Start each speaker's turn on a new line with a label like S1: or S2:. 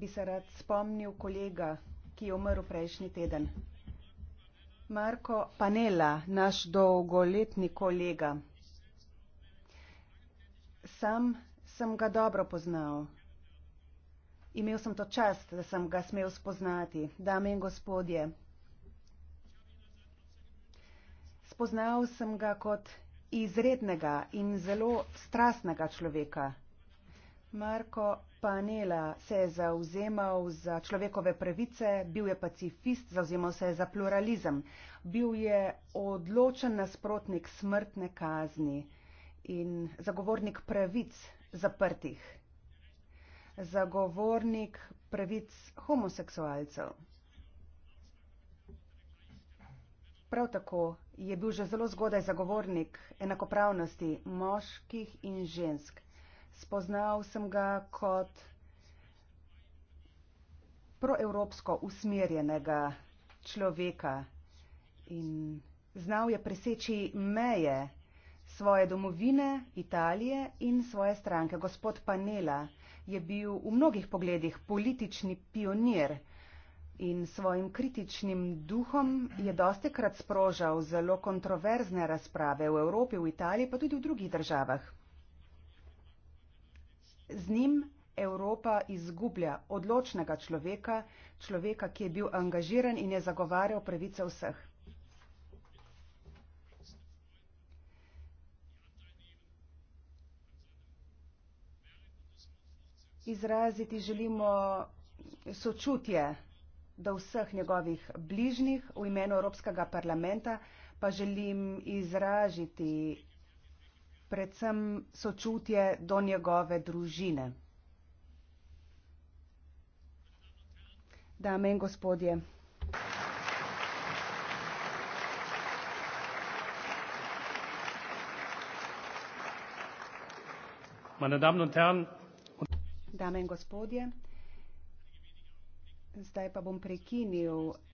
S1: bi se rad spomnil kolega, ki je umrl prejšnji teden. Marko Panela, naš dolgoletni kolega. Sam sem ga dobro poznal. Imel sem to čast, da sem ga smel spoznati, dame in gospodje. Spoznal sem ga kot izrednega in zelo strastnega človeka. Marko Panela se je zauzemal za človekove pravice, bil je pacifist, zauzemal se je za pluralizem, bil je odločen nasprotnik smrtne kazni in zagovornik pravic zaprtih, zagovornik pravic homoseksualcev. Prav tako je bil že zelo zgodaj zagovornik enakopravnosti moških in žensk spoznal sem ga kot proevropsko usmerjenega človeka in znal je preseči meje svoje domovine Italije in svoje stranke. Gospod Panela je bil v mnogih pogledih politični pionir in svojim kritičnim duhom je dostekrat sprožal zelo kontroverzne razprave v Evropi, v Italiji, pa tudi v drugih državah. Z njim Evropa izgublja odločnega človeka, človeka, ki je bil angažiran in je zagovarjal pravice vseh. Izraziti želimo sočutje do vseh njegovih bližnjih v imenu Evropskega parlamenta, pa želim izražiti predvsem sočutje do njegove družine. Dame in gospodje. Dame in gospodje, zdaj pa bom prekinil.